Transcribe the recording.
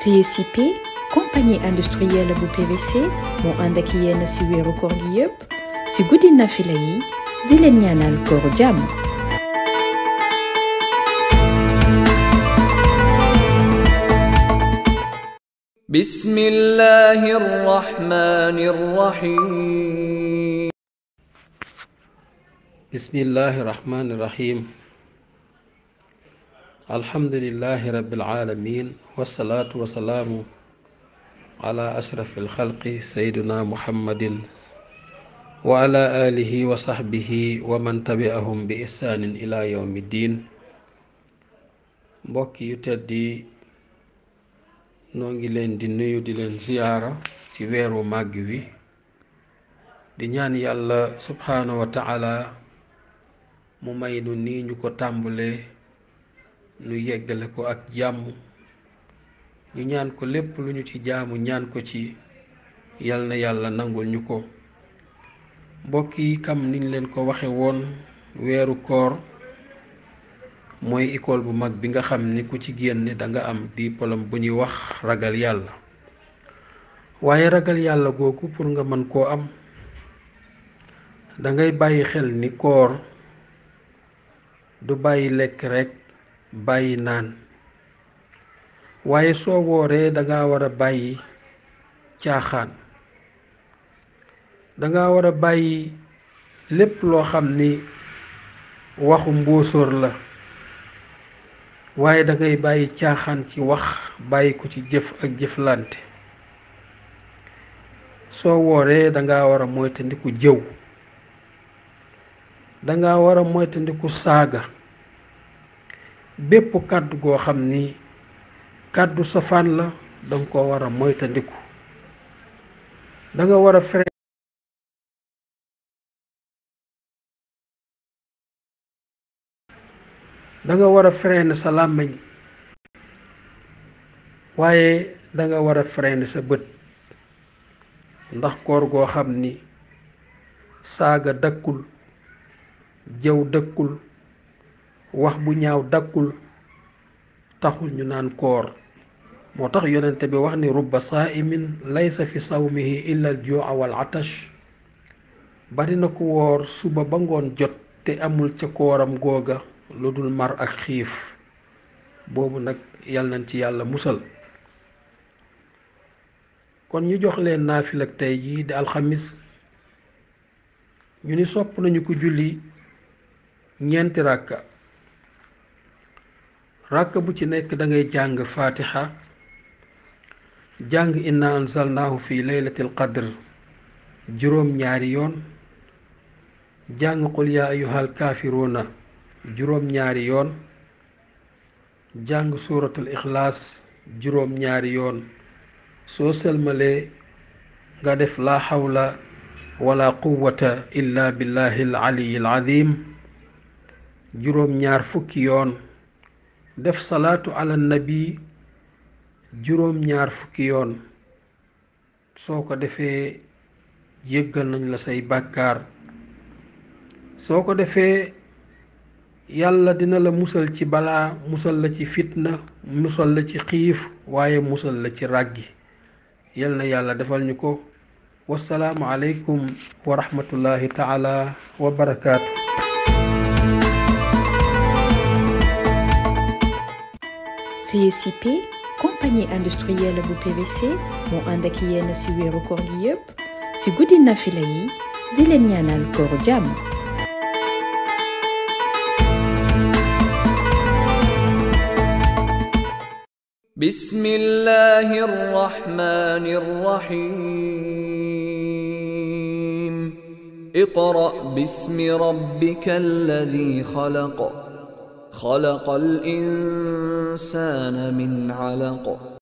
CSIP compagnie industrielle pour PVC moo ànd ak yenn ci wéeru koor gi yépp yi di leen ñaanal kooru jàmm bismillahi Rahmanir Rahim bismillahi Rahmanir rahim الحمد لله رب العالمين والصلاة والسلام على أشرف الخلق سيدنا محمد وعلى آله وصحبه ومن تبعهم بإحسان إلى يوم الدين بوكي يتدي نونغي لين دي نيو دي لين زيارة تي ويرو ماغوي دي نيان يالله سبحانه وتعالى مميدو ني نيو كو تامبلي nu yeggale ko ak jàmm ñu ñaan ko lépp lu ñu ci jaamu ñaan ko ci yal na yàlla nangul ñu ko kam niñ leen ko waxe woon weeru koor mooy école bu mag bi nga xam ni ku ci génn da nga am diplôme bu ñuy wax ragal yàlla waaye ragal yàlla googu pour nga mën koo am da ngay bàyyi xel ni koor du bàyyi lekk rek bàyyi naan waaye soo wooree danga war a bàyyi caaxaan danga war a bàyyi lépp loo xam ni waxu mbóosóor la waaye dangay bàyyi caaxaan ci wax bàyyi ko ci jëf ak jëflante soo wooree danga war a moytandiku jëw danga war a moytandiku saaga bépp kàddu goo xam ni kàddu safaan la danga ko war a moytandiku danga war a fere war a freiner sa làmmiñ waaye danga war a freiner sa bët ndax koor goo xam ni saaga dëkkul jëw dëkkul wax bu ñaaw dakkul taxul ñu naan koor moo tax yonente bi wax ni rubba saaimin laysa fi sawmihi illa al juuca wal atash bari na ko woor suba ba ngoon jot te amul ca kooram googa lu dul mar ak xiif boobu nag yàlla nañ ci yàlla musal kon ñu jox leen naafil ak tey jii di alxamis ñu ni sopp nañu ko julli ñeenti ràkka ràkk bu ci nekk dangay jàng fatiha jàng inna anzalnaahu fi laylatil qadr juróom ñaari yoon jàng qul ayyuhal kaafiruuna juróom ñaari yoon jàng suuratul ikhlaas juróom ñaari yoon soo sëlmalee nga def laa xawla wala quwwata illa billahi al aliyi juróom ñaar fukki yoon def salaatu ala nabi juróom-ñaar fukki yoon soo ko defee jéggal nañ la say bàkkaar soo ko defee yàlla dina la musal ci balaa musal la ci fitna musal la ci xiif waaye musal la ci ràggi yal na yàlla defal ñu ko wasalaamu aleykum wa rahmatullahi taala wa CSIP compagnie industrielle bu PVC moo anda ak yenn ci wéeru koor gi yépp ci guddi nafila yi di leen ñaanal kooru jàmm بسم الله الرحمن الرحيم اقرأ باسم ربك الذي خلق خلق الإنسان من علق